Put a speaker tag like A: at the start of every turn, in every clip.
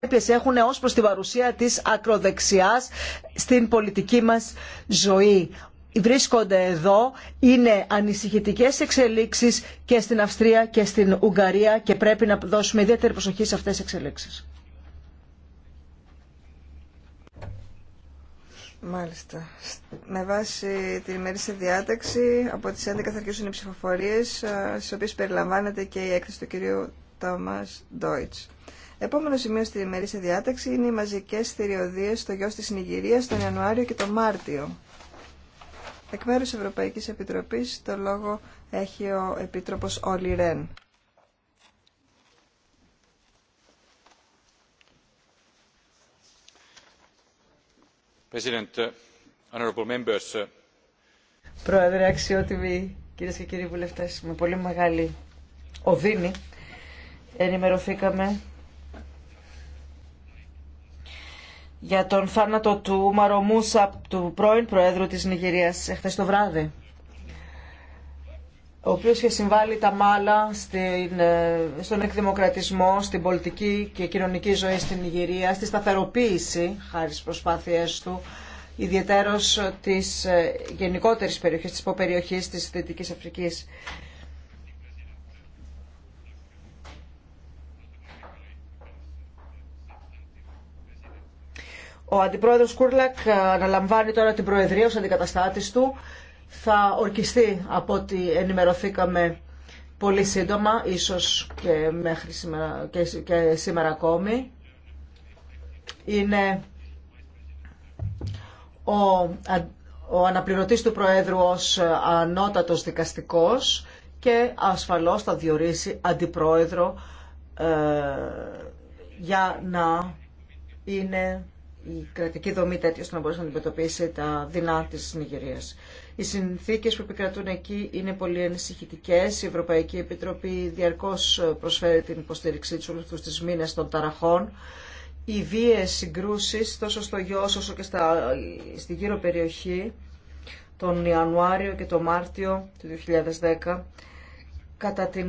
A: συνέπειες έχουν ως προς την παρουσία της ακροδεξιάς στην πολιτική μας ζωή. Βρίσκονται εδώ, είναι ανησυχητικές εξελίξεις και στην Αυστρία και στην Ουγγαρία και πρέπει να δώσουμε ιδιαίτερη προσοχή σε αυτές τις εξελίξεις.
B: Μάλιστα. Με βάση την ημερήσια διάταξη, από τις 11 θα αρχίσουν οι ψηφοφορίες, ε, στις οποίες περιλαμβάνεται και η έκθεση του κυρίου Τόμας Ντόιτς. Επόμενο σημείο στη ημερήσια διάταξη είναι οι μαζικέ θηριωδίε στο γιος της Νιγηρία τον Ιανουάριο και τον Μάρτιο. Εκ μέρου Ευρωπαϊκή Επιτροπή το λόγο έχει ο Επίτροπος Όλι Ρεν.
A: Uh, Πρόεδρε, αξιότιμοι κυρίε και κύριοι βουλευτέ, με πολύ μεγάλη οδύνη ενημερωθήκαμε για τον θάνατο του Μαρομούσα, του πρώην Προέδρου της Νιγηρίας, εχθές το βράδυ, ο οποίος είχε συμβάλει τα μάλα στην, ε, στον εκδημοκρατισμό, στην πολιτική και κοινωνική ζωή στην Νιγηρία, στη σταθεροποίηση, χάρη στις προσπάθειές του, ιδιαίτερος της ε, γενικότερης περιοχής, της υποπεριοχής της Δυτικής Αφρικής. Ο αντιπρόεδρος Κούρλακ ε, αναλαμβάνει τώρα την προεδρία ως αντικαταστάτης του. Θα ορκιστεί από ό,τι ενημερωθήκαμε πολύ σύντομα, ίσως και, μέχρι σήμερα, και, και σήμερα ακόμη. Είναι ο, ο αναπληρωτής του Προέδρου ως ε, ανώτατος δικαστικός και ασφαλώς θα διορίσει αντιπρόεδρο ε, για να είναι η κρατική δομή τέτοια ώστε να μπορέσει να αντιμετωπίσει τα δεινά τη Νιγηρία. Οι συνθήκε που επικρατούν εκεί είναι πολύ ανησυχητικέ. Η Ευρωπαϊκή Επιτροπή διαρκώς προσφέρει την υποστήριξή τη όλου αυτού τις Μήνε των ταραχών. Οι βίες συγκρούσει, τόσο στο γιο όσο και στα, στη γύρω περιοχή τον Ιανουάριο και τον Μάρτιο του 2010 κατά τη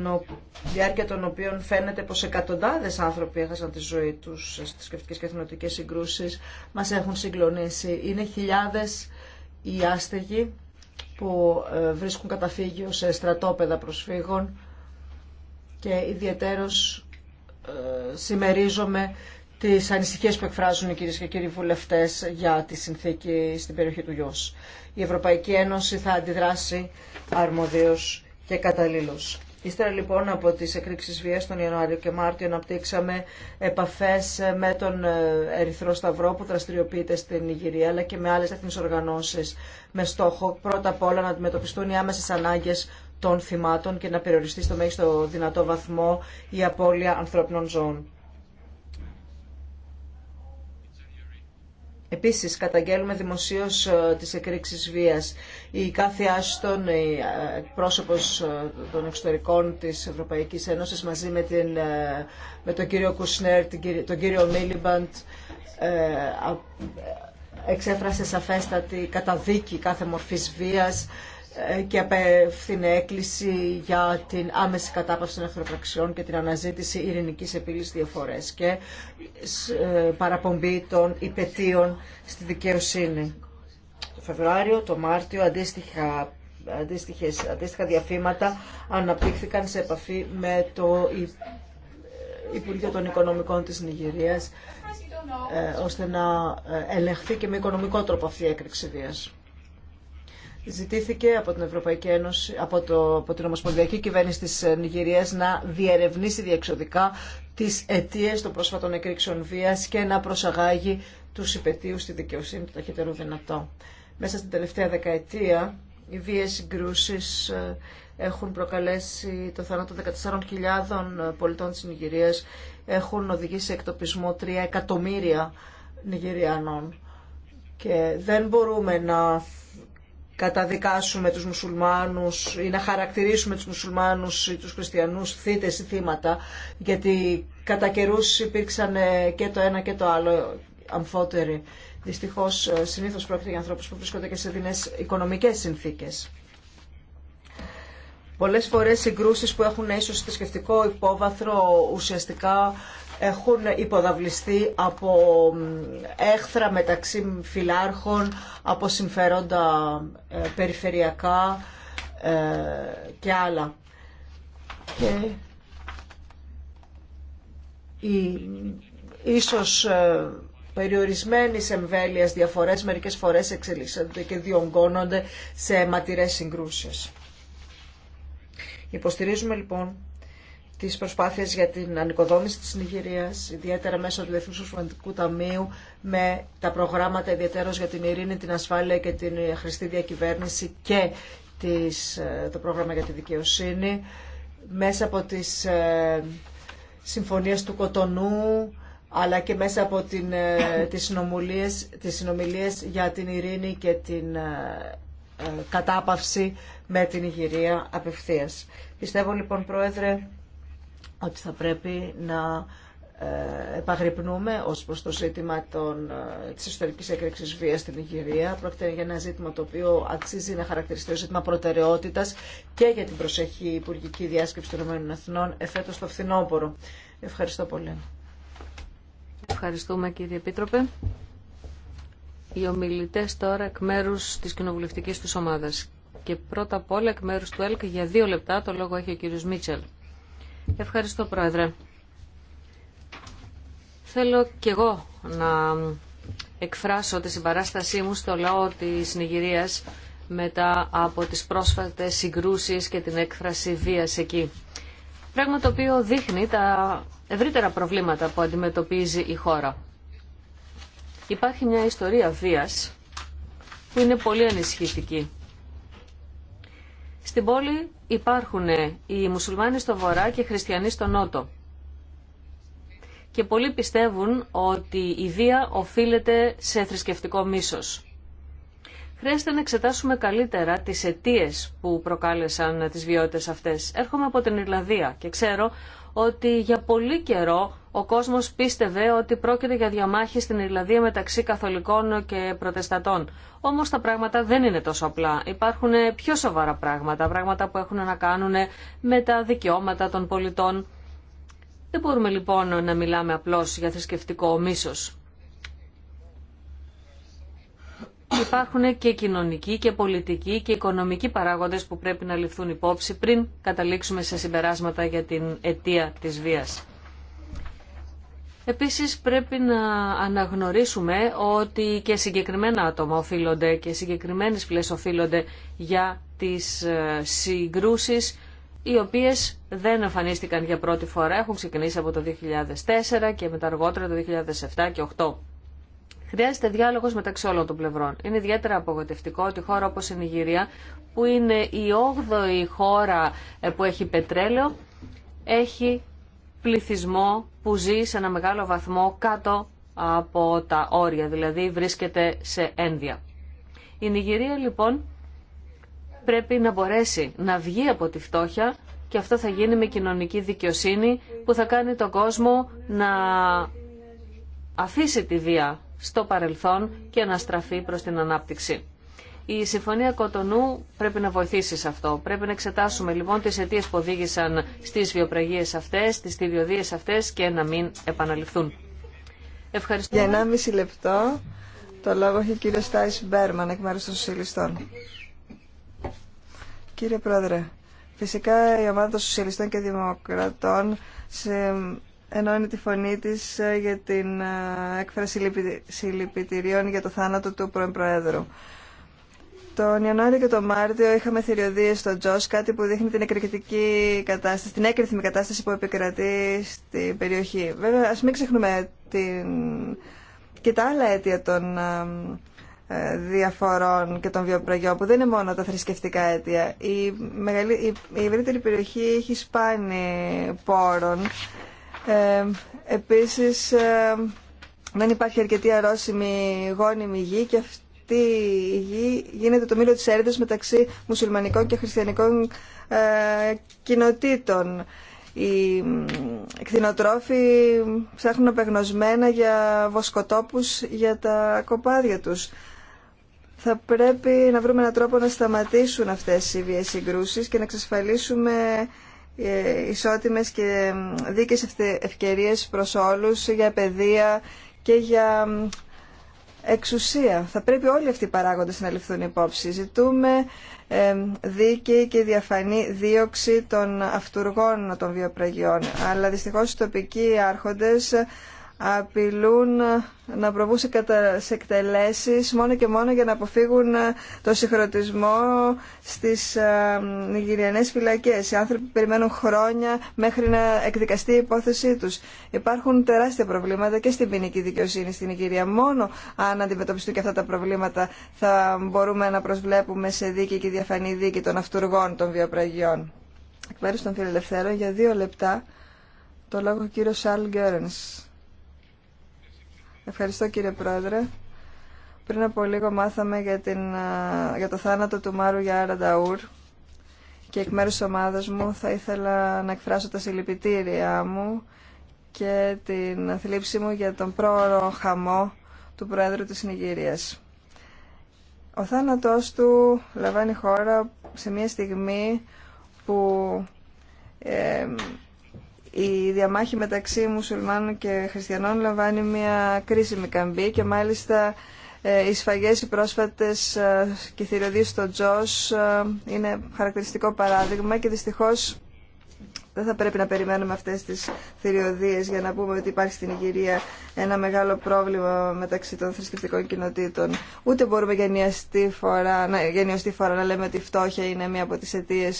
A: διάρκεια των οποίων φαίνεται πως εκατοντάδες άνθρωποι έχασαν τη ζωή τους στις θρησκευτικέ και εθνωτικές συγκρούσεις, μας έχουν συγκλονίσει. Είναι χιλιάδες οι άστεγοι που ε, βρίσκουν καταφύγιο σε στρατόπεδα προσφύγων και ιδιαίτερος ε, συμμερίζομαι τις ανησυχίες που εκφράζουν οι κυρίες και κύριοι βουλευτές για τη συνθήκη στην περιοχή του Γιος. Η Ευρωπαϊκή Ένωση θα αντιδράσει αρμοδίως και καταλήλους. Ύστερα λοιπόν από τις εκρήξεις βίας τον Ιανουάριο και Μάρτιο αναπτύξαμε επαφές με τον ε, Ερυθρό Σταυρό που δραστηριοποιείται στην Ιγυρία αλλά και με άλλες τεχνικές οργανώσεις με στόχο πρώτα απ' όλα να αντιμετωπιστούν οι άμεσες ανάγκες των θυμάτων και να περιοριστεί στο μέγιστο δυνατό βαθμό η απώλεια ανθρώπινων ζώων. Επίσης καταγγέλουμε δημοσίως ε, τις εκρήξεις βίας. Η κάθε Άστον, η ε, πρόσωπος ε, των εξωτερικών της Ευρωπαϊκής Ένωσης μαζί με, την, με τον κύριο Κουσνέρ, τον κύριο Μίλιμπαντ, εξέφρασε σαφέστατη καταδίκη κάθε μορφής βίας ε, και απεύθυνε έκκληση για την άμεση κατάπαυση των εχθροπραξιών και την αναζήτηση ειρηνικής επίλυσης διαφορές και ε, παραπομπή των υπετίων στη δικαιοσύνη. Το Φεβρουάριο, το Μάρτιο, αντίστοιχα Αντίστοιχες, διαφήματα αναπτύχθηκαν σε επαφή με το ε, Υπουργείο των Οικονομικών της Νιγηρίας ώστε να ελεγχθεί και με οικονομικό τρόπο αυτή η έκρηξη βίας ζητήθηκε από την Ευρωπαϊκή Ένωση, από, το, από την Ομοσπονδιακή Κυβέρνηση της Νιγηρίας να διερευνήσει διεξοδικά τις αιτίες των πρόσφατων εκρήξεων βίας και να προσαγάγει τους υπετίου στη δικαιοσύνη του ταχύτερου δυνατό. Μέσα στην τελευταία δεκαετία οι βίες συγκρούσει ε, έχουν προκαλέσει το θάνατο 14.000 πολιτών της Νιγηρίας, έχουν οδηγήσει σε εκτοπισμό 3 εκατομμύρια Νιγηριανών. Και δεν μπορούμε να καταδικάσουμε τους μουσουλμάνους ή να χαρακτηρίσουμε τους μουσουλμάνους ή τους χριστιανούς θύτες ή θύματα, γιατί κατά καιρού υπήρξαν ε, και το ένα και το άλλο αμφότεροι. Δυστυχώς ε, συνήθως πρόκειται για ανθρώπους που βρίσκονται και σε δεινές οικονομικές συνθήκες. Πολλές φορές συγκρούσεις που έχουν ίσως θρησκευτικό υπόβαθρο ουσιαστικά έχουν υποδαβληστεί από έχθρα μεταξύ φυλάρχων, από συμφέροντα ε, περιφερειακά ε, και άλλα. Και η ίσως ε, περιορισμένης εμβέλειας διαφορές μερικές φορές εξελίσσονται και διονγκώνονται σε ματηρές συγκρούσεις. Υποστηρίζουμε λοιπόν τις προσπάθειες για την ανοικοδόμηση της Νιγηρία, ιδιαίτερα μέσω του Διεθνού Σωματικού Ταμείου, με τα προγράμματα ιδιαίτερως για την ειρήνη, την ασφάλεια και την χρηστή διακυβέρνηση και ε, το πρόγραμμα για τη δικαιοσύνη, μέσα από τις ε, συμφωνίε του Κοτονού, αλλά και μέσα από την, ε, τις, τις για την ειρήνη και την κατάπαυση με την Ιγυρία απευθείας. Πιστεύω λοιπόν Πρόεδρε ότι θα πρέπει να ε, επαγρυπνούμε ως προς το ζήτημα των, ε, της ιστορικής έκρηξης βίας στην Ιγυρία. Πρόκειται για ένα ζήτημα το οποίο αξίζει να χαρακτηριστεί ως ζήτημα προτεραιότητα και για την προσεχή υπουργική διάσκεψη
C: των ΗΠΑ Εθνών εφέτος το φθινόπωρο. Ευχαριστώ πολύ. Ευχαριστούμε κύριε Επίτροπε. Οι ομιλητές τώρα εκ μέρους της κοινοβουλευτικής τους ομάδας. Και πρώτα απ' όλα εκ μέρους του ΕΛΚ για δύο λεπτά το λόγο έχει ο κύριος Μίτσελ. Ευχαριστώ Πρόεδρε. Θέλω κι εγώ να εκφράσω τη συμπαράστασή μου στο λαό της Νιγηρίας μετά από τις πρόσφατες συγκρούσεις και την έκφραση βίας εκεί. Πράγμα το οποίο δείχνει τα ευρύτερα προβλήματα που αντιμετωπίζει η χώρα. Υπάρχει μια ιστορία βίας που είναι πολύ ανησυχητική. Στην πόλη υπάρχουν οι μουσουλμάνοι στο βορρά και οι χριστιανοί στο νότο. Και πολλοί πιστεύουν ότι η βία οφείλεται σε θρησκευτικό μίσος. Χρειάζεται να εξετάσουμε καλύτερα τις αιτίε που προκάλεσαν τις βιότητες αυτές. Έρχομαι από την Ιρλανδία και ξέρω ότι για πολύ καιρό ο κόσμος πίστευε ότι πρόκειται για διαμάχη στην Ιρλανδία μεταξύ καθολικών και προτεστατών. Όμως τα πράγματα δεν είναι τόσο απλά. Υπάρχουν πιο σοβαρά πράγματα, πράγματα που έχουν να κάνουν με τα δικαιώματα των πολιτών. Δεν μπορούμε λοιπόν να μιλάμε απλώς για θρησκευτικό μίσος. Υπάρχουν και κοινωνικοί και πολιτικοί και οικονομικοί παράγοντες που πρέπει να ληφθούν υπόψη πριν καταλήξουμε σε συμπεράσματα για την αιτία της βίας. Επίσης πρέπει να αναγνωρίσουμε ότι και συγκεκριμένα άτομα οφείλονται και συγκεκριμένες φυλές οφείλονται για τις ε, συγκρούσεις οι οποίες δεν εμφανίστηκαν για πρώτη φορά, έχουν ξεκινήσει από το 2004 και μετά αργότερα το 2007 και 2008. Χρειάζεται διάλογο μεταξύ όλων των πλευρών. Είναι ιδιαίτερα απογοητευτικό ότι χώρα όπω η Νιγηρία, που είναι η 8η χώρα ε, που έχει πετρέλαιο, έχει πληθυσμό που ζει σε ένα μεγάλο βαθμό κάτω από τα όρια, δηλαδή βρίσκεται σε ένδια. Η Νιγηρία λοιπόν πρέπει να μπορέσει να βγει από τη φτώχεια και αυτό θα γίνει με κοινωνική δικαιοσύνη που θα κάνει τον κόσμο να αφήσει τη βία στο παρελθόν και να στραφεί προς την ανάπτυξη. Η Συμφωνία Κοτονού πρέπει να βοηθήσει σε αυτό. Πρέπει να εξετάσουμε λοιπόν τις αιτίε που οδήγησαν στις βιοπραγίες αυτές, στι τυβιοδίε αυτές και να μην επαναληφθούν. Ευχαριστώ. Για
B: 1,5 λεπτό το λόγο έχει ο κύριο Τάις Μπέρμαν εκ μέρου των Σοσιαλιστών. Κύριε Πρόεδρε, φυσικά η ομάδα των Σοσιαλιστών και Δημοκρατών ενώνει τη φωνή της ε, για την ε, έκφραση συλληπιτηρίων για το θάνατο του πρώην Προέδρου. Τον Ιανουάριο και τον Μάρτιο είχαμε θηριωδίε στο Τζος, κάτι που δείχνει την εκρηκτική κατάσταση, την έκρηθμη κατάσταση που επικρατεί στην περιοχή. Βέβαια, ας μην ξεχνούμε την... και τα άλλα αίτια των ε, ε, διαφορών και των βιοπραγιών που δεν είναι μόνο τα θρησκευτικά αίτια. Η, μεγαλή, η, ευρύτερη περιοχή έχει σπάνι πόρων. Ε, επίσης ε, δεν υπάρχει αρκετή αρρώσιμη γόνιμη γη και αυτή γη γίνεται το μήλο της έρευνας μεταξύ μουσουλμανικών και χριστιανικών ε, κοινοτήτων. Οι κτηνοτρόφοι ψάχνουν απεγνωσμένα για βοσκοτόπους για τα κοπάδια τους. Θα πρέπει να βρούμε έναν τρόπο να σταματήσουν αυτές οι βίες συγκρούσεις και να εξασφαλίσουμε ε, ισότιμες και δίκες ευκαιρίες προς όλους για παιδεία και για εξουσία. Θα πρέπει όλοι αυτοί οι παράγοντες να ληφθούν υπόψη. Ζητούμε δίκαιη και διαφανή δίωξη των αυτούργων των βιοπραγιών. Αλλά δυστυχώς οι τοπικοί άρχοντες απειλούν να προβούν σε, εκτελέσει μόνο και μόνο για να αποφύγουν ε, το συγχρονισμό στις νιγηριανές ε, φυλακές. Οι άνθρωποι περιμένουν χρόνια μέχρι να εκδικαστεί η υπόθεσή τους. Υπάρχουν τεράστια προβλήματα και στην ποινική δικαιοσύνη στην Νιγηρία. Μόνο αν αντιμετωπιστούν και αυτά τα προβλήματα θα μπορούμε να προσβλέπουμε σε δίκη και διαφανή δίκη των αυτούργων των βιοπραγιών. Εκ μέρους των φιλελευθέρων για δύο λεπτά το λόγο κύριο Σαλ Γκέρενς. Ευχαριστώ κύριε Πρόεδρε. Πριν από λίγο μάθαμε για, την, για το θάνατο του Μάρου Γιάρα Νταούρ και εκ μέρους της ομάδας μου θα ήθελα να εκφράσω τα συλληπιτήριά μου και την θλίψη μου για τον πρόωρο χαμό του Πρόεδρου της Νιγηρίας. Ο θάνατός του λαμβάνει χώρα σε μια στιγμή που η διαμάχη μεταξύ μουσουλμάνων και χριστιανών λαμβάνει μια κρίσιμη καμπή και μάλιστα ε, οι σφαγές, οι πρόσφατες ε, και θηριωδίες στο Τζος ε, είναι χαρακτηριστικό παράδειγμα και δυστυχώς δεν θα πρέπει να περιμένουμε αυτές τις θηριωδίε για να πούμε ότι υπάρχει στην Ιγυρία ένα μεγάλο πρόβλημα μεταξύ των θρησκευτικών κοινοτήτων. Ούτε μπορούμε γενιαστή φορά, να, λέμε ότι η φτώχεια είναι μία από τι αιτίε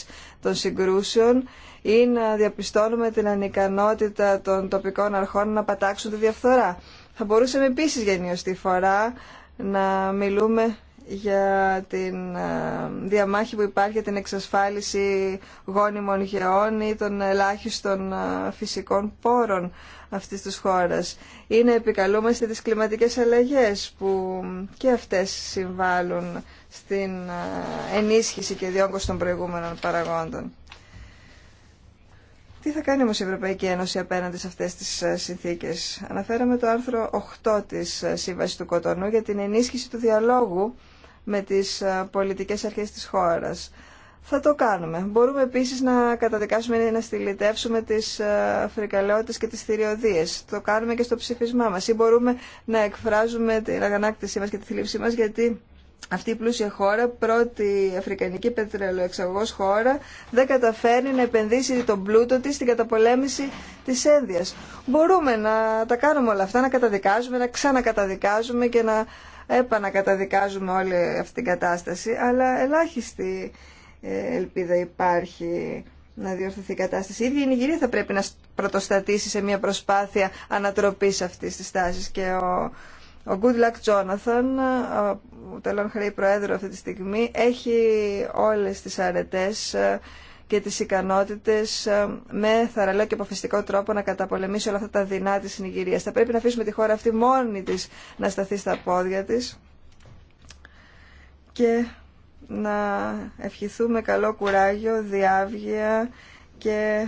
B: των συγκρούσεων ή να διαπιστώνουμε την ανικανότητα των τοπικών αρχών να πατάξουν τη διαφθορά. Θα μπορούσαμε επίση για φορά να μιλούμε για την ε, διαμάχη που υπάρχει για την εξασφάλιση γόνιμων γεών ή των ελάχιστων ε, φυσικών πόρων αυτής της χώρας. Είναι επικαλούμαστε τις κλιματικές αλλαγές που και αυτές συμβάλλουν στην ε, ενίσχυση και διόγκωση των προηγούμενων παραγόντων. Τι θα κάνει όμως η Ευρωπαϊκή Ένωση απέναντι σε αυτές τις συνθήκες. Αναφέραμε το άρθρο 8 της Σύμβασης του Κοτονού για την ενίσχυση του διαλόγου με τις ε, πολιτικές αρχές της χώρας. Θα το κάνουμε. Μπορούμε επίσης να καταδικάσουμε ή να στυλιτεύσουμε τις ε, φρικαλαιότητες και τις θηριωδίες. Το κάνουμε και στο ψηφισμά μας. Ή μπορούμε να εκφράζουμε την αγανάκτησή μας και τη θλίψή μας γιατί αυτή η πλούσια χώρα, πρώτη αφρικανική πετρελοεξαγωγός χώρα, δεν καταφέρνει να επενδύσει τον πλούτο της στην καταπολέμηση της ένδυας. Μπορούμε να τα κάνουμε όλα αυτά, να καταδικάζουμε, να ξανακαταδικάζουμε και να επανακαταδικάζουμε όλη αυτή την κατάσταση, αλλά ελάχιστη ε, ελπίδα υπάρχει να διορθωθεί η κατάσταση. ίδια η Νιγηρία θα πρέπει να πρωτοστατήσει σε μια προσπάθεια ανατροπής αυτής της τάσης και ο, ο Good Luck Jonathan, ο τελών χρέη προέδρου αυτή τη στιγμή, έχει όλες τις αρετές ε, και τις ικανότητες ε, με θαραλέο και αποφασιστικό τρόπο να καταπολεμήσει όλα αυτά τα δεινά της Νιγηρίας. Θα πρέπει να αφήσουμε τη χώρα αυτή μόνη της να σταθεί στα πόδια της και να ευχηθούμε καλό κουράγιο, διάβγεια και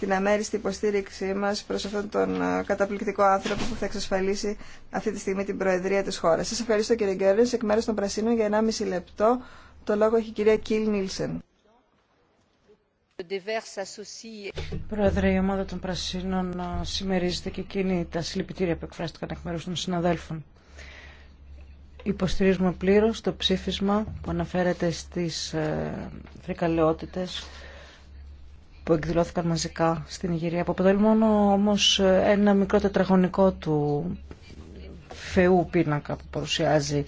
B: την αμέριστη υποστήριξή μας προς αυτόν τον ε, καταπληκτικό άνθρωπο που θα εξασφαλίσει αυτή τη στιγμή την Προεδρία της χώρας. Σας ευχαριστώ κύριε Γκέρλες, εκ μέρους των Πρασίνων για 1,5 λεπτό. Το λόγο έχει η κυρία Κιλ Νίλσεν.
A: Πρόεδρε, η ομάδα των Πρασίνων ε, συμμερίζεται και εκείνη τα συλληπιτήρια που εκφράστηκαν εκ μέρου των συναδέλφων. Υποστηρίζουμε πλήρω το ψήφισμα που αναφέρεται στις ε, φρικαλαιότητε που εκδηλώθηκαν μαζικά στην Ιγυρία, που αποτελεί μόνο όμω ε, ένα μικρό τετραγωνικό του φεού πίνακα που παρουσιάζει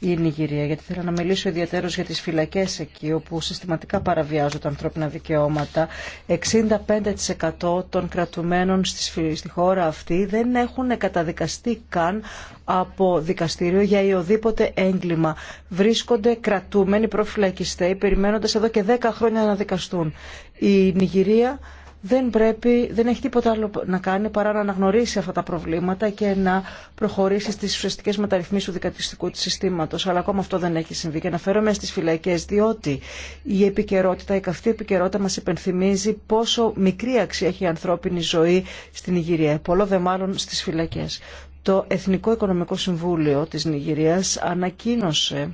A: η Νιγηρία, γιατί θέλω να μιλήσω ιδιαίτερω για τις φυλακές εκεί, όπου συστηματικά παραβιάζονται ανθρώπινα δικαιώματα. 65% των κρατουμένων στη χώρα αυτή δεν έχουν καταδικαστεί καν από δικαστήριο για οδήποτε έγκλημα. Βρίσκονται κρατούμενοι προφυλακιστέ, περιμένοντα εδώ και 10 χρόνια να δικαστούν. Η Νιγηρία δεν, πρέπει, δεν έχει τίποτα άλλο να κάνει παρά να αναγνωρίσει αυτά τα προβλήματα και να προχωρήσει στις ουσιαστικέ μεταρρυθμίσεις του δικατιστικού του συστήματος. Αλλά ακόμα αυτό δεν έχει συμβεί. Και αναφέρομαι στις φυλακές, διότι η επικαιρότητα, η καυτή επικαιρότητα μας υπενθυμίζει πόσο μικρή αξία έχει η ανθρώπινη ζωή στην Ιγυρία. Πολλό δε μάλλον στις φυλακές. Το Εθνικό Οικονομικό Συμβούλιο της Νιγηρίας ανακοίνωσε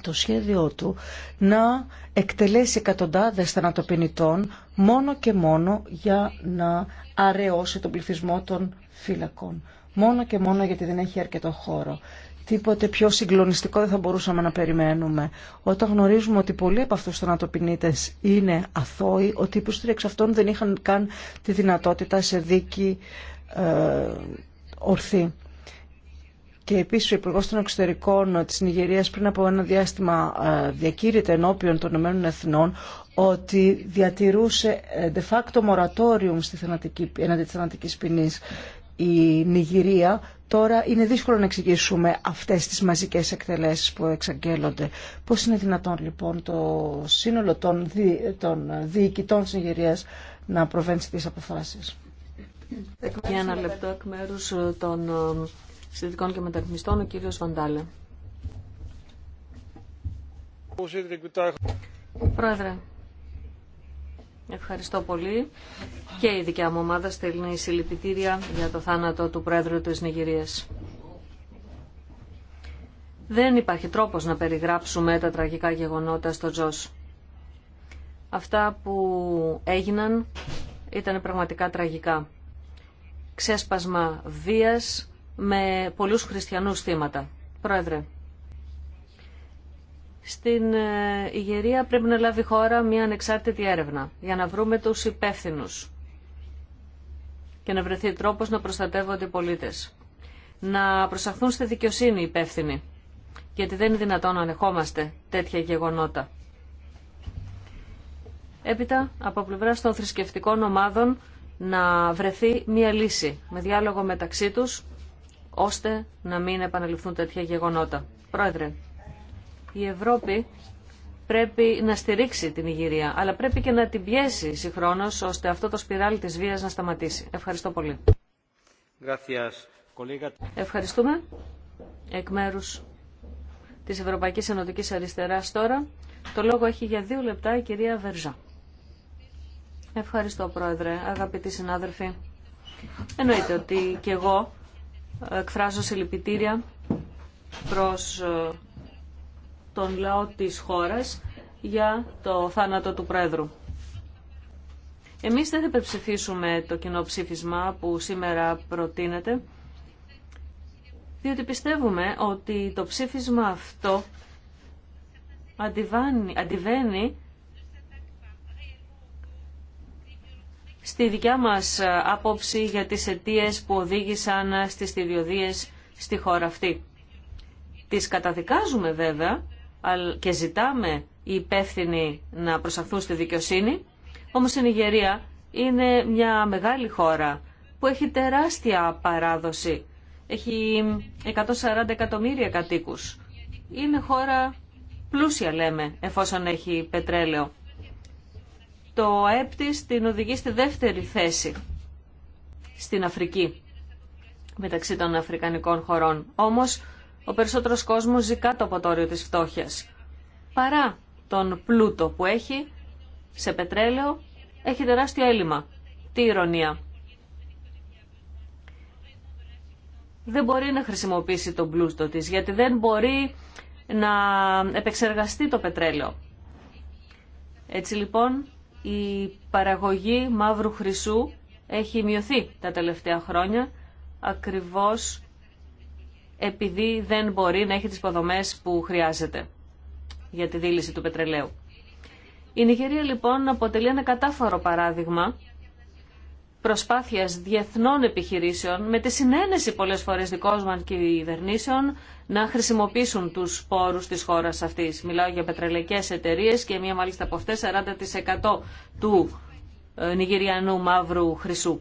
A: το σχέδιό του να εκτελέσει εκατοντάδες θανατοπινητών μόνο και μόνο για να αραιώσει τον πληθυσμό των φύλακων. Μόνο και μόνο γιατί δεν έχει αρκετό χώρο. Τίποτε πιο συγκλονιστικό δεν θα μπορούσαμε να περιμένουμε. Όταν γνωρίζουμε ότι πολλοί από αυτούς τους θανατοπινίτες είναι αθώοι, ότι οι πλούστεροι εξ αυτών δεν είχαν καν τη δυνατότητα σε δίκη ε, ορθή και επίσης ο Υπουργό των Εξωτερικών της Νιγηρίας πριν από ένα διάστημα ε, διακήρυτε ενώπιον των Ηνωμένων Εθνών ότι διατηρούσε ε, de facto moratorium στη θανατική, έναντι της θανατικής ποινής η Νιγηρία τώρα είναι δύσκολο να εξηγήσουμε αυτές τις μαζικές εκτελέσεις που εξαγγέλλονται. Πώς είναι δυνατόν λοιπόν το σύνολο των, δι... των διοικητών της Νιγηρίας να προβαίνει στις αποφάσεις.
C: Για ένα λεπτό εκ μέρους ε, των συντηρητικών και μεταρρυθμιστών, ο κύριος Βαντάλε. Πρόεδρε, ευχαριστώ πολύ. Και η δικιά μου ομάδα στέλνει συλληπιτήρια για το θάνατο του Πρόεδρου της Νιγηρίας. Δεν υπάρχει τρόπος να περιγράψουμε τα τραγικά γεγονότα στο Τζος. Αυτά που έγιναν ήταν πραγματικά τραγικά. Ξέσπασμα βίας, με πολλούς χριστιανούς θύματα. Πρόεδρε, στην ε, Ιγερία πρέπει να λάβει χώρα μια ανεξάρτητη έρευνα για να βρούμε τους υπεύθυνου και να βρεθεί τρόπος να προστατεύονται οι πολίτες. Να προσαχθούν στη δικαιοσύνη οι υπεύθυνοι, γιατί δεν είναι δυνατόν να ανεχόμαστε τέτοια γεγονότα. Έπειτα, από πλευρά των θρησκευτικών ομάδων, να βρεθεί μια λύση με διάλογο μεταξύ τους ώστε να μην επαναληφθούν τέτοια γεγονότα. Πρόεδρε, η Ευρώπη πρέπει να στηρίξει την Ιγυρία, αλλά πρέπει και να την πιέσει συγχρόνως, ώστε αυτό το σπιράλι τη βίας να σταματήσει. Ευχαριστώ πολύ.
B: Ευχαριστούμε.
C: Εκ μέρους της Ευρωπαϊκής Ενωτική Αριστεράς τώρα, το λόγο έχει για δύο λεπτά η κυρία Βερζά. Ευχαριστώ, Πρόεδρε, αγαπητοί συνάδελφοι. Εννοείται ότι και εγώ εκφράζω συλληπιτήρια προς ε, τον λαό της χώρας για το θάνατο του Πρόεδρου. Εμείς δεν θα υπερψηφίσουμε το κοινό ψήφισμα που σήμερα προτείνεται, διότι πιστεύουμε ότι το ψήφισμα αυτό αντιβαίνει στη δικιά μας ε, άποψη για τις αιτίε που οδήγησαν ε, στις θηριωδίες στη χώρα αυτή. Τις καταδικάζουμε βέβαια και ζητάμε οι υπεύθυνοι να προσαχθούν στη δικαιοσύνη, όμως η Νιγερία είναι μια μεγάλη χώρα που έχει τεράστια παράδοση. Έχει 140 εκατομμύρια κατοίκους. Είναι χώρα πλούσια λέμε εφόσον έχει πετρέλαιο το ΑΕΠ την οδηγεί στη δεύτερη θέση στην Αφρική μεταξύ των αφρικανικών χωρών. Όμως ο περισσότερος κόσμος ζει κάτω από το όριο της φτώχειας. Παρά τον πλούτο που έχει σε πετρέλαιο έχει τεράστιο έλλειμμα. Τι ηρωνία. Δεν μπορεί να χρησιμοποιήσει τον πλούτο της γιατί δεν μπορεί να επεξεργαστεί το πετρέλαιο. Έτσι λοιπόν η παραγωγή μαύρου χρυσού έχει μειωθεί τα τελευταία χρόνια ακριβώς επειδή δεν μπορεί να έχει τις υποδομές που χρειάζεται για τη δίληση του πετρελαίου. Η Νιγερία, λοιπόν αποτελεί ένα κατάφορο παράδειγμα προσπάθειας διεθνών επιχειρήσεων, με τη συνένεση πολλές φορές δικών μας κυβερνήσεων, να χρησιμοποιήσουν τους πόρους της χώρας αυτής. Μιλάω για πετρελαϊκές εταιρείες και μία μάλιστα από αυτές 40% του ε, Νιγηριανού μαύρου χρυσού.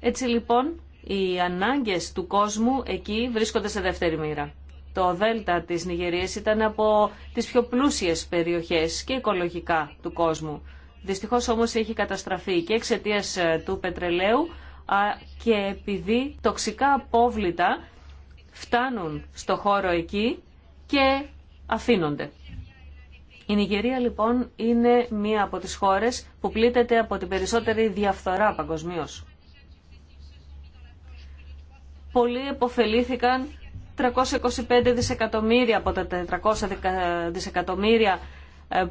C: Έτσι λοιπόν οι ανάγκες του κόσμου εκεί βρίσκονται σε δεύτερη μοίρα. Το δέλτα της Νιγηρίας ήταν από τις πιο πλούσιες περιοχές και οικολογικά του κόσμου. Δυστυχώ όμως έχει καταστραφεί και εξαιτία ε, του πετρελαίου και επειδή τοξικά απόβλητα φτάνουν στο χώρο εκεί και αφήνονται. Η Νιγηρία λοιπόν είναι μία από τις χώρες που πλήττεται από την περισσότερη διαφθορά παγκοσμίω. Πολλοί επωφελήθηκαν 325 δισεκατομμύρια από τα 400 δισεκατομμύρια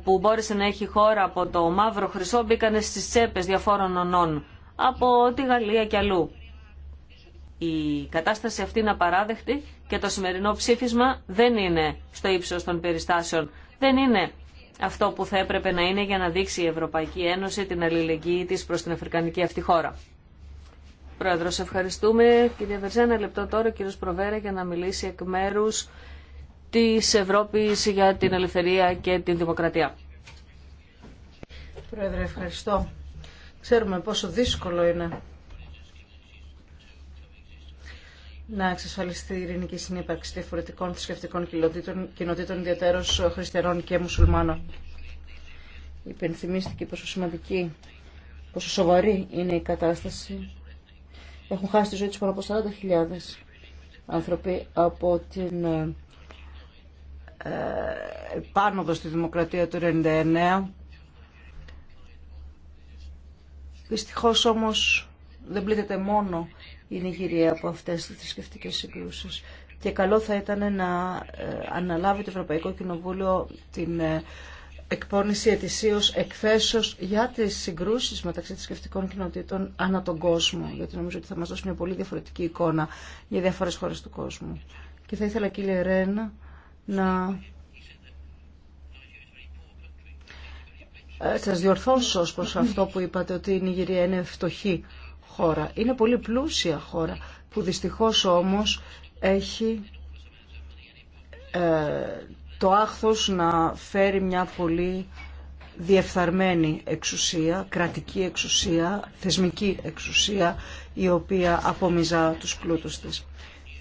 C: που μπόρεσε να έχει χώρα από το μαύρο χρυσό μπήκανε στις τσέπες διαφόρων ονών από τη Γαλλία και αλλού. Η κατάσταση αυτή είναι απαράδεκτη και το σημερινό ψήφισμα δεν είναι στο ύψος των περιστάσεων. Δεν είναι αυτό που θα έπρεπε να είναι για να δείξει η Ευρωπαϊκή Ένωση την αλληλεγγύη της προς την Αφρικανική αυτή χώρα. Πρόεδρος, ευχαριστούμε. Κυρία Βερζένα, λεπτό τώρα ο κύριος Προβέρα για να μιλήσει εκ μέρους τη Ευρώπης για την ελευθερία και την δημοκρατία.
A: Πρόεδρε, ευχαριστώ. Ξέρουμε πόσο δύσκολο είναι να εξασφαλιστεί η ειρηνική συνύπαρξη διαφορετικών θρησκευτικών κοινοτήτων, ιδιαίτερω χριστιανών και μουσουλμάνων. Υπενθυμίστηκε πόσο σημαντική, πόσο σοβαρή είναι η κατάσταση. Έχουν χάσει τη ζωή του πάνω από 40.000 άνθρωποι από την ε, επάνωδο στη δημοκρατία του 1999. Δυστυχώ όμως δεν πλήττεται μόνο η Νιγηρία από αυτές τις θρησκευτικέ συγκρούσεις. Και καλό θα ήταν να ε, αναλάβει το Ευρωπαϊκό Κοινοβούλιο την ε, εκπόνηση ετησίως εκθέσεως για τις συγκρούσεις μεταξύ θρησκευτικών κοινοτήτων ανά τον κόσμο, γιατί νομίζω ότι θα μας δώσει μια πολύ διαφορετική εικόνα για διάφορες χώρες του κόσμου. Και θα ήθελα κύριε Ρένα να ε, σας διορθώσω ως προς αυτό που είπατε ότι η Νιγηρία είναι φτωχή χώρα. Είναι πολύ πλούσια χώρα που δυστυχώς όμως έχει ε, το άχθος να φέρει μια πολύ διεφθαρμένη εξουσία, κρατική εξουσία, θεσμική εξουσία η οποία απομιζά τους πλούτους της.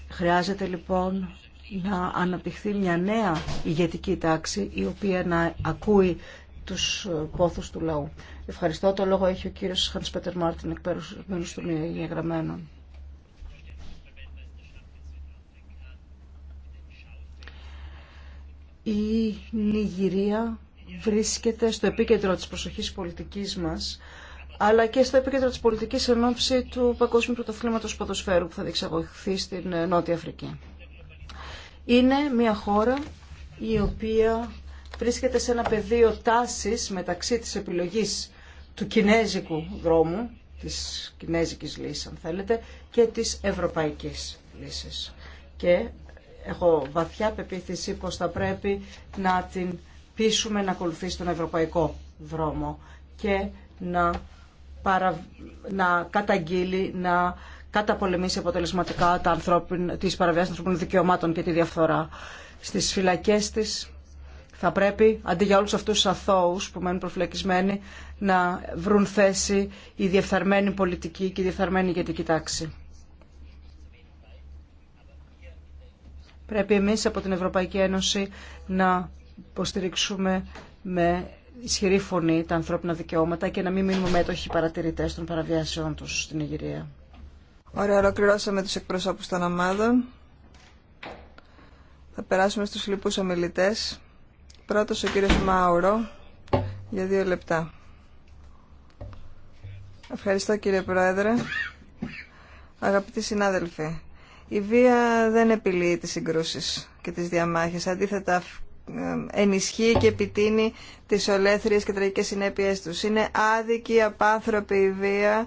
A: Χρειάζεται λοιπόν να αναπτυχθεί μια νέα ηγετική τάξη η οποία να ακούει τους πόθους του λαού. Ευχαριστώ. Το λόγο έχει ο κύριος Χάνς Πέτερ Μάρτιν, του των εγγεγραμμένων. Η Νιγηρία βρίσκεται στο επίκεντρο της προσοχής πολιτικής μας αλλά και στο επίκεντρο της πολιτικής ενόψη του Παγκόσμιου Πρωταθλήματος Ποδοσφαίρου που θα διεξαγωγηθεί στην Νότια Αφρική είναι μια χώρα η οποία βρίσκεται σε ένα πεδίο τάσης μεταξύ της επιλογής του κινέζικου δρόμου, της κινέζικης λύσης αν θέλετε, και της ευρωπαϊκής λύσης. Και έχω βαθιά πεποίθηση πως θα πρέπει να την πείσουμε να ακολουθήσει τον ευρωπαϊκό δρόμο και να, να καταγγείλει, να καταπολεμήσει αποτελεσματικά τα ανθρώπιν, τις παραβιάσεις των ανθρώπινων δικαιωμάτων και τη διαφθορά. Στις φυλακές της θα πρέπει, αντί για όλους αυτούς τους αθώους που μένουν προφυλακισμένοι, να βρουν θέση η διεφθαρμένη πολιτική και η διεφθαρμένη ηγετική τάξη. Πρέπει εμείς από την Ευρωπαϊκή Ένωση να υποστηρίξουμε με ισχυρή φωνή τα ανθρώπινα δικαιώματα και να μην μείνουμε μέτοχοι παρατηρητές των παραβιάσεων τους στην Ιγυρία. Ωραία, ολοκληρώσαμε
B: τους εκπροσώπους των ομάδων. Θα περάσουμε στους λοιπούς ομιλητές. Πρώτος ο κύριος Μάουρο για δύο λεπτά. Ευχαριστώ κύριε Πρόεδρε. Αγαπητοί συνάδελφοι, η βία δεν επιλύει τις συγκρούσεις και τις διαμάχες. Αντίθετα, ενισχύει και επιτείνει τις ολέθριες και τραγικές συνέπειές τους. Είναι άδικη, απάνθρωπη η βία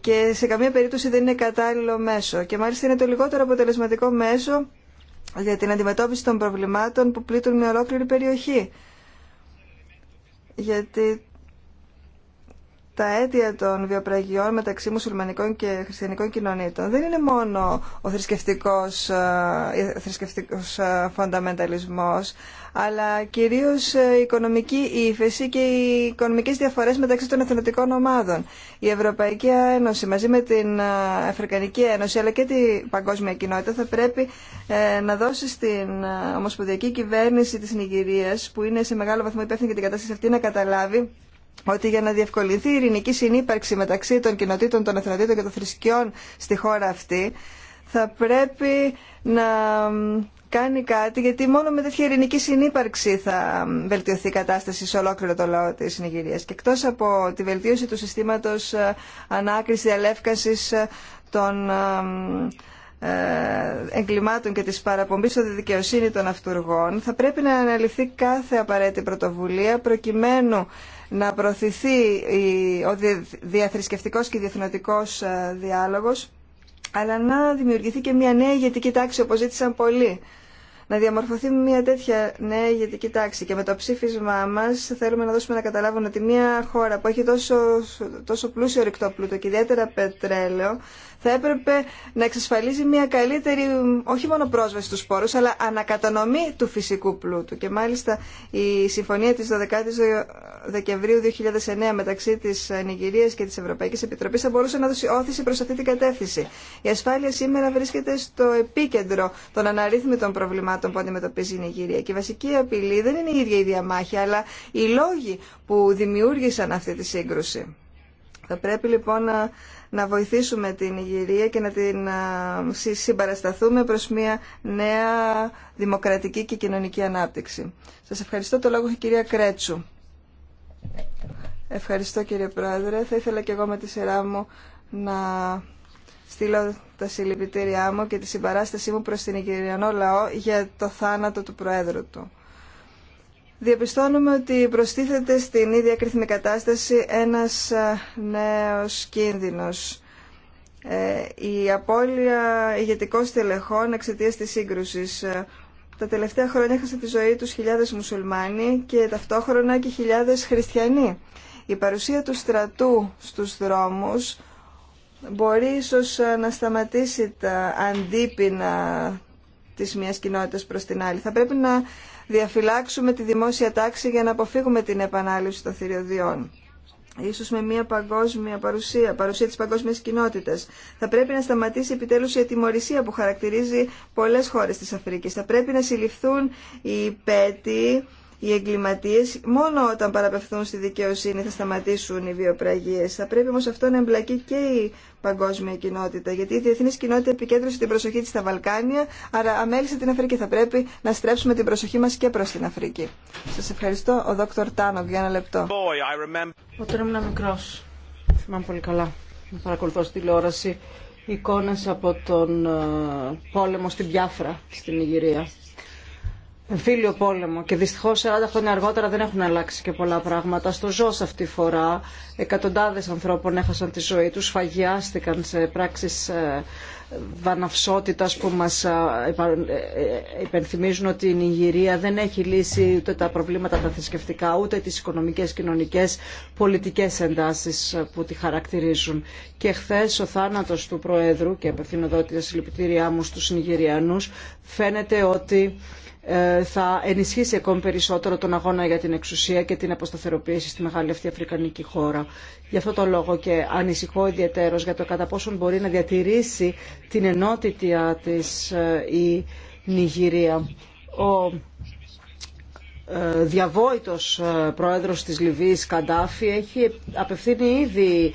B: και σε καμία περίπτωση δεν είναι κατάλληλο μέσο. Και μάλιστα είναι το λιγότερο αποτελεσματικό μέσο για την αντιμετώπιση των προβλημάτων που πλήττουν μια ολόκληρη περιοχή. Γιατί τα αίτια των βιοπραγιών μεταξύ μουσουλμανικών και χριστιανικών κοινωνίτων δεν είναι μόνο ο θρησκευτικός, ο ε, θρησκευτικός ε, φονταμενταλισμός, αλλά κυρίως ε, η οικονομική ύφεση και οι οικονομικές διαφορές μεταξύ των εθνωτικών ομάδων. Η Ευρωπαϊκή Ένωση μαζί με την Αφρικανική Ένωση αλλά και την παγκόσμια κοινότητα θα πρέπει να δώσει στην Ομοσπονδιακή Κυβέρνηση της Νιγηρίας που είναι σε μεγάλο βαθμό υπεύθυνη για την κατάσταση αυτή να καταλάβει ότι για να διευκολυνθεί η ειρηνική συνύπαρξη μεταξύ των κοινοτήτων, των εθνοτήτων και των θρησκειών στη χώρα αυτή, θα πρέπει να κάνει κάτι, γιατί μόνο με τέτοια ειρηνική συνύπαρξη θα βελτιωθεί η κατάσταση σε ολόκληρο το λαό της Νιγηρίας. Και εκτός από τη βελτίωση του συστήματος ε, ανάκρισης διαλεύκασης ε, των ε, εγκλημάτων και της παραπομπής στο δικαιοσύνη των αυτούργων, θα πρέπει να αναλυθεί κάθε απαραίτητη πρωτοβουλία προκειμένου να προωθηθεί ο διαθρησκευτικός και διεθνωτικός ε, διάλογος, αλλά να δημιουργηθεί και μια νέα ηγετική τάξη, όπως ζήτησαν πολλοί. Να διαμορφωθεί μια τέτοια νέα ηγετική τάξη. Και με το ψήφισμά μας θέλουμε να δώσουμε να καταλάβουν ότι μια χώρα που έχει τόσο, τόσο πλούσιο ρηκτό πλούτο και ιδιαίτερα πετρέλαιο, θα έπρεπε να εξασφαλίζει μια καλύτερη όχι μόνο πρόσβαση στους σπόρους αλλά ανακατανομή του φυσικού πλούτου και μάλιστα η συμφωνία της 12 η Δεκεμβρίου 2009 μεταξύ της Νιγηρίας και της Ευρωπαϊκής Επιτροπής θα μπορούσε να δώσει όθηση προς αυτή την κατεύθυνση. Η ασφάλεια σήμερα βρίσκεται στο επίκεντρο των αναρρύθμιτων προβλημάτων που αντιμετωπίζει η Νιγηρία και η βασική απειλή δεν είναι η ίδια η διαμάχη αλλά οι λόγοι που δημιούργησαν αυτή τη σύγκρουση. Θα πρέπει λοιπόν να, να βοηθήσουμε την Ιγυρία και να την συμπαρασταθούμε προς μια νέα δημοκρατική και κοινωνική ανάπτυξη. Σας ευχαριστώ. Το λόγο έχει η κυρία Κρέτσου. Ευχαριστώ κύριε Πρόεδρε. Θα ήθελα και εγώ με τη σειρά μου να στείλω τα συλληπιτήριά μου και τη συμπαράστασή μου προς την Ιγυριανό λαό για το θάνατο του Προέδρου του διαπιστώνουμε ότι προστίθεται στην ίδια κρίσιμη κατάσταση ένας νέος κίνδυνος. Ε, η απώλεια ηγετικών στελεχών εξαιτία της σύγκρουσης. Ε, τα τελευταία χρόνια έχασαν τη ζωή τους χιλιάδες μουσουλμάνοι και ταυτόχρονα και χιλιάδες χριστιανοί. Η παρουσία του στρατού στους δρόμους μπορεί ίσως να σταματήσει τα αντίπεινα της μιας κοινότητας προς την άλλη. Θα πρέπει να διαφυλάξουμε τη δημόσια τάξη για να αποφύγουμε την επανάληψη των θηριωδιών. Ίσως με μια παγκόσμια παρουσία, παρουσία της παγκόσμιας κοινότητας. Θα πρέπει να σταματήσει επιτέλους η ατιμορρησία που χαρακτηρίζει πολλές χώρες της Αφρικής. Θα πρέπει να συλληφθούν οι πέτοι οι εγκληματίε μόνο όταν παραπευθούν στη δικαιοσύνη θα σταματήσουν οι βιοπραγίε. Θα πρέπει όμω αυτό να εμπλακεί και η παγκόσμια κοινότητα, γιατί η διεθνή κοινότητα επικέντρωσε την προσοχή τη στα Βαλκάνια, άρα αμέλησε την Αφρική. Θα πρέπει να στρέψουμε την προσοχή μα και προ την Αφρική. Σα ευχαριστώ, ο Δόκτωρ Τάνοκ, για ένα λεπτό. όταν
A: ήμουν μικρό, θυμάμαι πολύ καλά, να παρακολουθώ στη τηλεόραση εικόνε από τον ε, πόλεμο στην Πιάφρα, στην Ιγυρία φίλιο πόλεμο και δυστυχώς 40 χρόνια αργότερα δεν έχουν αλλάξει και πολλά πράγματα. Στο ΖΟΣ αυτή τη φορά εκατοντάδες ανθρώπων έχασαν τη ζωή τους, σφαγιάστηκαν σε πράξεις ε, βαναυσότητας που μας ε, ε, υπενθυμίζουν ότι η Νιγηρία δεν έχει λύσει ούτε τα προβλήματα τα θρησκευτικά, ούτε τις οικονομικές, κοινωνικές, πολιτικές εντάσεις που τη χαρακτηρίζουν. Και χθε ο θάνατος του Προέδρου, και απευθύνω εδώ τη συλληπιτήριά μου στους Νιγηριανούς, φαίνεται ότι ε, θα ενισχύσει ακόμη περισσότερο τον αγώνα για την εξουσία και την αποσταθεροποίηση στη μεγάλη αυτή αφρικανική χώρα. Γι' αυτό το λόγο και ανησυχώ ιδιαίτερος για το κατά πόσον μπορεί να διατηρήσει την ενότητα της ε, η Νιγηρία. Ο ε, διαβόητος πρόεδρος της Λιβύης Καντάφη έχει απευθύνει ήδη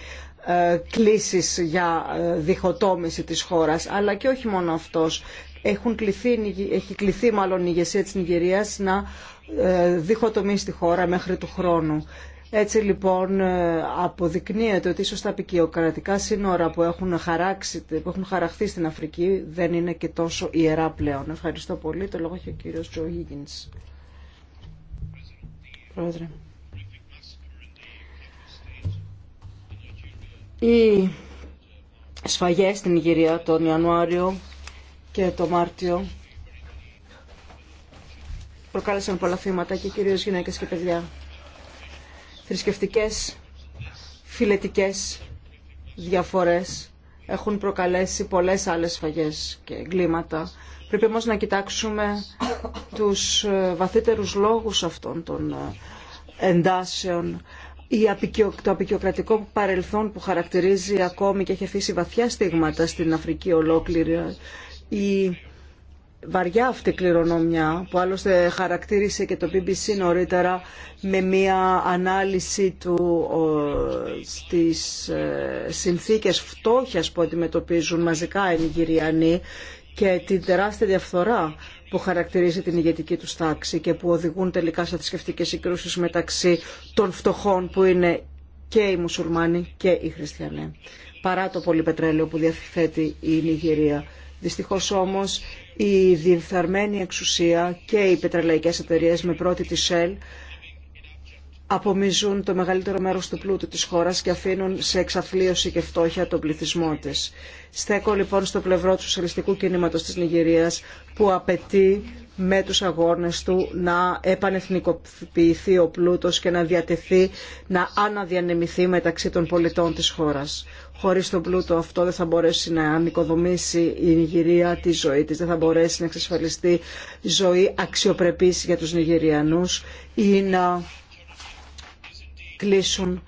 A: κλήσεις για διχοτόμηση της χώρας αλλά και όχι μόνο αυτός έχουν κληθεί, έχει κληθεί μάλλον η ηγεσία της Νιγηρίας να ε, διχοτομεί στη χώρα μέχρι του χρόνου. Έτσι λοιπόν ε, αποδεικνύεται ότι ίσως τα ποικιοκρατικά σύνορα που έχουν, χαράξει, έχουν χαραχθεί στην Αφρική δεν είναι και τόσο ιερά πλέον. Ευχαριστώ πολύ. Το λόγο έχει ο κύριος Τζο Higgins. Πρόεδρε. Οι σφαγές στην Ιγυρία τον Ιανουάριο και το Μάρτιο προκάλεσαν πολλά θύματα και κυρίως γυναίκες και παιδιά. Θρησκευτικές, φιλετικές διαφορές έχουν προκαλέσει πολλές άλλες φαγές και εγκλήματα. Πρέπει όμως να κοιτάξουμε τους ε, βαθύτερους λόγους αυτών των ε, εντάσεων. Το απεικιοκρατικό παρελθόν που χαρακτηρίζει ακόμη και έχει αφήσει βαθιά στίγματα στην Αφρική ολόκληρη η βαριά αυτή κληρονομιά που άλλωστε χαρακτήρισε και το BBC νωρίτερα με μια ανάλυση του στις ε, συνθήκες φτώχειας που αντιμετωπίζουν μαζικά οι Νιγηριανοί και την τεράστια διαφθορά που χαρακτηρίζει την ηγετική του τάξη και που οδηγούν τελικά σε θρησκευτικέ συγκρούσει μεταξύ των φτωχών που είναι και οι μουσουλμάνοι και οι χριστιανοί. Παρά το πολύ πετρέλαιο που διαθέτει η Νιγηρία Δυστυχώς όμως η διεφθαρμένη εξουσία και οι πετρελαϊκές εταιρείες με πρώτη τη Shell απομίζουν το μεγαλύτερο μέρος του πλούτου της χώρας και αφήνουν σε εξαθλίωση και φτώχεια τον πληθυσμό της. Στέκω λοιπόν στο πλευρό του σοσιαλιστικού κινήματος της Νιγηρίας που απαιτεί με τους αγώνες του να επανεθνικοποιηθεί ο πλούτος και να διατεθεί, να αναδιανεμηθεί μεταξύ των πολιτών της χώρας. Χωρίς τον πλούτο αυτό δεν θα μπορέσει να ανοικοδομήσει η Νιγηρία τη ζωή της, δεν θα μπορέσει να εξασφαλιστεί ζωή αξιοπρεπής για τους Νιγηριανούς ή να κλείσουν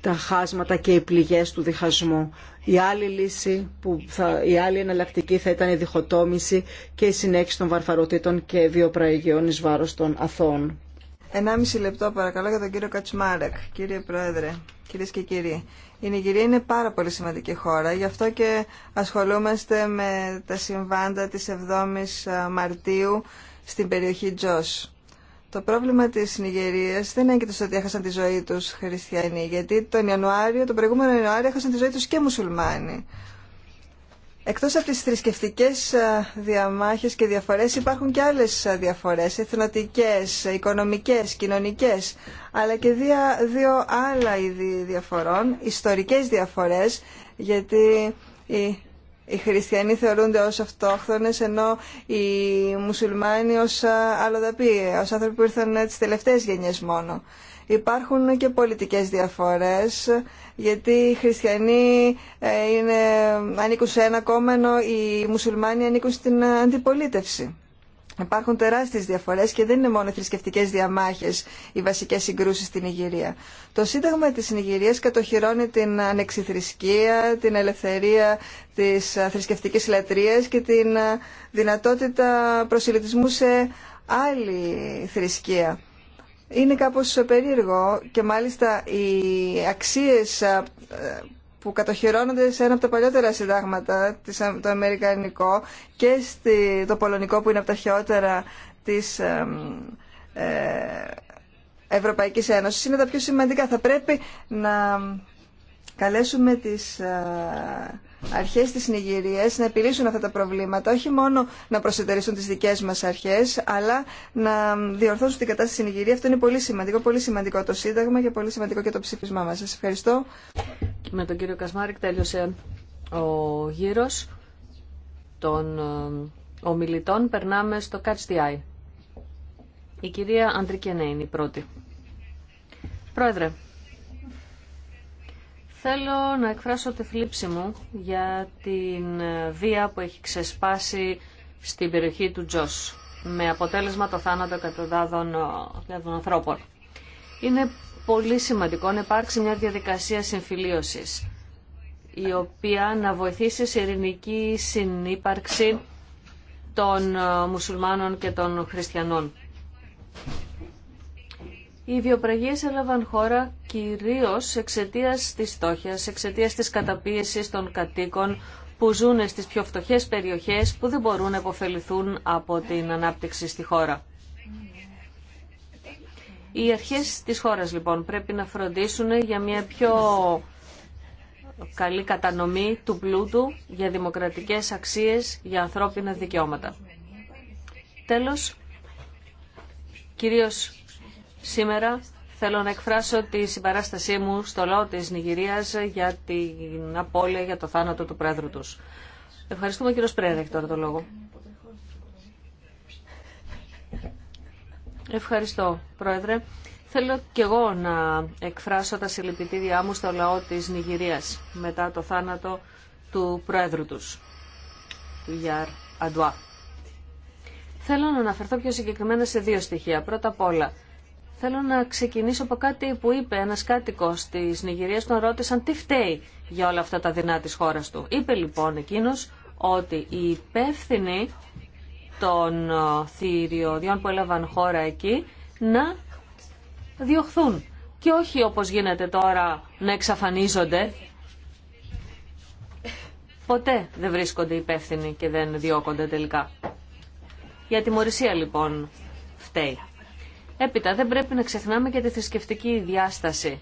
A: τα χάσματα και οι πληγές του διχασμού. Η άλλη λύση, που θα, η άλλη εναλλακτική θα ήταν η διχοτόμηση και η συνέχιση των βαρφαροτήτων και βιοπραγιών εις βάρος
B: των αθώων. 1,5 λεπτό παρακαλώ για τον κύριο Κατσμάρεκ. Κύριε Πρόεδρε, κυρίε και κύριοι, η Νιγηρία είναι πάρα πολύ σημαντική χώρα, γι' αυτό και ασχολούμαστε με τα συμβάντα της 7 η ε, Μαρτίου στην περιοχή Τζος. Το πρόβλημα της Νιγηρίας δεν έγκυται στο ότι έχασαν τη ζωή τους χριστιανοί, γιατί τον Ιανουάριο, τον προηγούμενο Ιανουάριο έχασαν τη ζωή τους και μουσουλμάνοι. Εκτός από τις θρησκευτικέ διαμάχες και διαφορές υπάρχουν και άλλες διαφορές, εθνοτικέ, οικονομικές, κοινωνικές, αλλά και δύο άλλα είδη διαφορών, ιστορικέ διαφορέ, γιατί η οι χριστιανοί θεωρούνται ως αυτόχθονες, ενώ οι μουσουλμάνοι ως αλλοδαποί, ως άνθρωποι που ήρθαν τις τελευταίες γενιές μόνο. Υπάρχουν και πολιτικές διαφορές, γιατί οι χριστιανοί ε, είναι, ανήκουν σε ένα κόμμα, ενώ οι μουσουλμάνοι ανήκουν στην αντιπολίτευση. Υπάρχουν τεράστιες διαφορές και δεν είναι μόνο θρησκευτικές διαμάχες οι βασικές συγκρούσεις στην Ιγυρία. Το Σύνταγμα της Ιγυρίας κατοχυρώνει την ανεξιθρησκεία, την ελευθερία της θρησκευτικής λατρείας και την δυνατότητα προσιλητισμού σε άλλη θρησκεία. Είναι κάπως περίεργο και μάλιστα οι αξίες που κατοχυρώνονται σε ένα από τα παλιότερα συντάγματα, το αμερικανικό και στη, το πολωνικό που είναι από τα χειρότερα της ε, ε, Ευρωπαϊκής Ένωσης είναι τα πιο σημαντικά. Θα πρέπει να καλέσουμε τις ε, αρχές της Νιγηρίας να επιλύσουν αυτά τα προβλήματα, όχι μόνο να προσετερήσουν τις δικές μας αρχές, αλλά να διορθώσουν την κατάσταση στην Νιγηρία. Αυτό είναι πολύ σημαντικό, πολύ σημαντικό το Σύνταγμα και πολύ σημαντικό και το ψήφισμά μας. Σας
C: ευχαριστώ με τον κύριο Κασμάρικ τέλειωσε ο γύρος των ε, ομιλητών. Περνάμε στο Catch the Eye. Η κυρία Αντρικενέ είναι η πρώτη. Πρόεδρε, θέλω να εκφράσω τη θλίψη μου για την ε, βία που έχει ξεσπάσει στην περιοχή του Τζος με αποτέλεσμα το θάνατο εκατοντάδων ε, ανθρώπων. Είναι πολύ σημαντικό να υπάρξει μια διαδικασία συμφιλίωσης η οποία να βοηθήσει σε ειρηνική συνύπαρξη των ε, μουσουλμάνων και των χριστιανών. Οι βιοπραγίες έλαβαν χώρα κυρίως εξαιτίας της στόχιας, εξαιτίας της καταπίεσης των κατοίκων που ζουν στις πιο φτωχές περιοχές που δεν μπορούν να υποφεληθούν από την ανάπτυξη στη χώρα. Οι αρχές της χώρας λοιπόν πρέπει να φροντίσουν για μια πιο καλή κατανομή του πλούτου για δημοκρατικές αξίες, για ανθρώπινα δικαιώματα. Τέλος, κυρίως σήμερα θέλω να εκφράσω τη συμπαράστασή μου στο λαό της Νιγηρίας για την απώλεια για το θάνατο του πρόεδρου τους. Ευχαριστούμε κύριο Πρέδεκ, τώρα το λόγο. Ευχαριστώ, Πρόεδρε. Θέλω και εγώ να εκφράσω τα συλληπιτήριά μου στο λαό της Νιγηρίας μετά το θάνατο του Πρόεδρου τους, του Γιάρ Αντουά. Θέλω να αναφερθώ πιο συγκεκριμένα σε δύο στοιχεία. Πρώτα απ' όλα, θέλω να ξεκινήσω από κάτι που είπε ένας κάτοικος της Νιγηρίας, τον ρώτησαν τι φταίει για όλα αυτά τα δεινά της χώρας του. Είπε λοιπόν εκείνος ότι οι υπεύθυνοι των ε, θηριωδιών που έλαβαν χώρα εκεί να διωχθούν. Και όχι όπως γίνεται τώρα να εξαφανίζονται. Ποτέ δεν βρίσκονται υπεύθυνοι και δεν διώκονται τελικά. Η μορισία λοιπόν φταίει. Έπειτα δεν πρέπει να ξεχνάμε και τη θρησκευτική διάσταση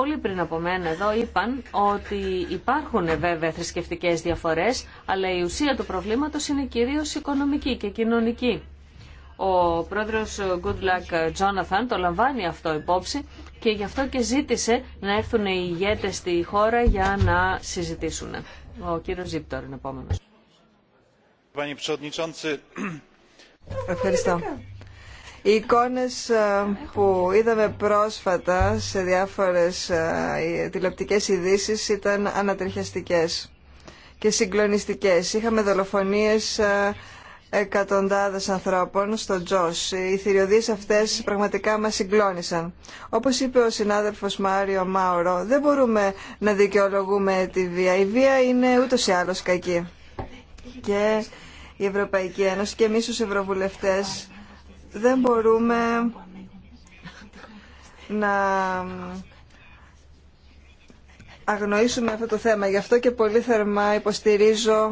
C: πολύ πριν από μένα εδώ είπαν ότι υπάρχουν βέβαια θρησκευτικέ διαφορές, αλλά η ουσία του προβλήματος είναι κυρίω οικονομική και κοινωνική. Ο πρόεδρος Goodluck Jonathan το λαμβάνει αυτό υπόψη και γι' αυτό και ζήτησε να έρθουν οι ηγέτε στη χώρα για να συζητήσουν. Ο κύριο Ζήπτορ είναι επόμενο.
B: Ευχαριστώ. Οι εικόνες ε, που είδαμε πρόσφατα σε διάφορες ε, τηλεοπτικές ειδήσει ήταν ανατριχιαστικές και συγκλονιστικές. Είχαμε δολοφονίες ε, εκατοντάδες ανθρώπων στο Τζος. Οι θηριωδείς αυτές πραγματικά μας συγκλώνησαν. Όπως είπε ο συνάδελφος Μάριο Μάουρο, δεν μπορούμε να δικαιολογούμε τη βία. Η βία είναι ούτως ή άλλως κακή. Και η Ευρωπαϊκή Ένωση και εμείς τους Ευρωβουλευτές δεν μπορούμε να αγνοήσουμε αυτό το θέμα. Γι' αυτό και πολύ θερμά υποστηρίζω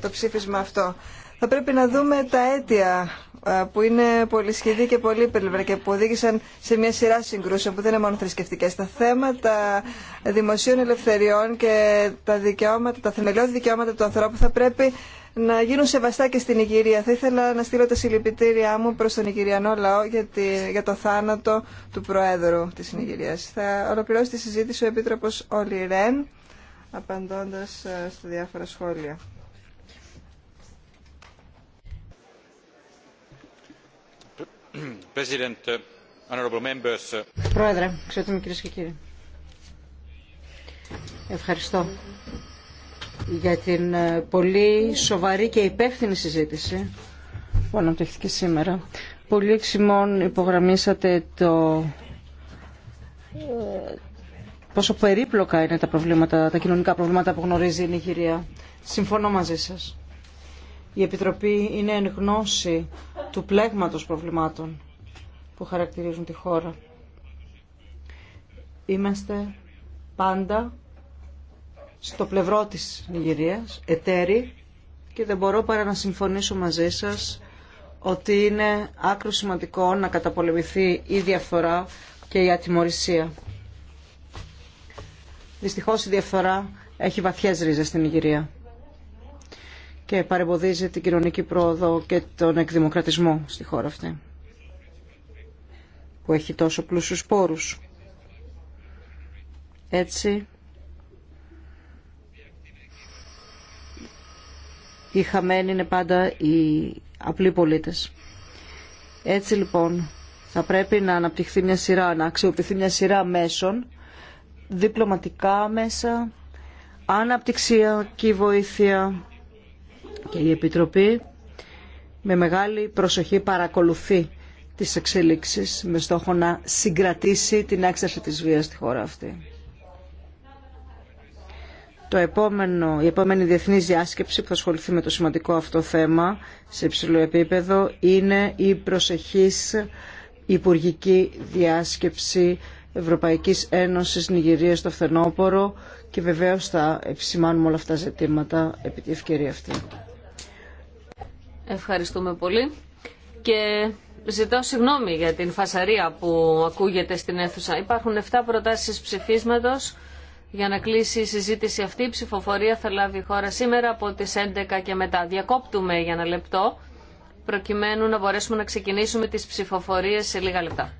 B: το ψήφισμα αυτό. Θα πρέπει να δούμε τα αίτια ε, που είναι πολυσχεδή και πολύπλευρα και που οδήγησαν σε μια σειρά συγκρούσεων που δεν είναι μόνο θρησκευτικέ. Τα θέματα δημοσίων ελευθεριών και τα δικαιώματα, τα θεμελιώδη δικαιώματα του ανθρώπου θα πρέπει να γίνουν σεβαστά και στην Ιγυρία. Θα ήθελα να στείλω τα συλληπιτήριά μου προς τον Ιγυριανό λαό για, για το θάνατο του Προέδρου της Ιγυρίας. Θα ολοκληρώσει τη συζήτηση ο Επίτροπος Όλη Ρεν, απαντώντας ε, στα διάφορα σχόλια.
A: Uh, uh, Πρόεδρε, ξέρετε κύριε και κύριοι. Ευχαριστώ για την ε, πολύ σοβαρή και υπεύθυνη συζήτηση που αναπτυχθήκε σήμερα. Πολύ εξημών υπογραμμίσατε το ε, πόσο περίπλοκα είναι τα, προβλήματα, τα κοινωνικά προβλήματα που γνωρίζει η Νιγηρία. Συμφωνώ μαζί σας η Επιτροπή είναι εν γνώση του πλέγματος προβλημάτων που χαρακτηρίζουν τη χώρα. Είμαστε πάντα στο πλευρό της Νιγηρίας, εταίροι και δεν μπορώ παρά να συμφωνήσω μαζί σας ότι είναι άκρο σημαντικό να καταπολεμηθεί η διαφθορά και η ατιμορρησία. Δυστυχώς η διαφθορά έχει βαθιές ρίζες στην Νιγηρία και παρεμποδίζει την κοινωνική πρόοδο και τον εκδημοκρατισμό στη χώρα αυτή που έχει τόσο πλούσιους πόρους. Έτσι οι χαμένοι είναι πάντα οι απλοί πολίτες. Έτσι λοιπόν θα πρέπει να αναπτυχθεί μια σειρά, να αξιοποιηθεί μια σειρά μέσων, διπλωματικά μέσα, αναπτυξιακή βοήθεια, και η Επιτροπή με μεγάλη προσοχή παρακολουθεί τις εξελίξεις με στόχο να συγκρατήσει την έξαρση της βίας στη χώρα αυτή. Το επόμενο, η επόμενη διεθνής διάσκεψη που θα ασχοληθεί με το σημαντικό αυτό θέμα σε υψηλό επίπεδο είναι η προσεχής υπουργική διάσκεψη Ευρωπαϊκής Ένωσης Νιγηρίας στο Φθενόπορο και βεβαίως θα επισημάνουμε όλα αυτά τα ζητήματα επί τη ευκαιρία αυτή.
C: Ευχαριστούμε πολύ και ζητώ συγγνώμη για την φασαρία που ακούγεται στην αίθουσα. Υπάρχουν 7 προτάσεις ψηφίσματος για να κλείσει η συζήτηση αυτή. Η ψηφοφορία θα λάβει η χώρα σήμερα από τις 11 και μετά. Διακόπτουμε για ένα λεπτό προκειμένου να μπορέσουμε να ξεκινήσουμε τις ψηφοφορίες σε λίγα λεπτά.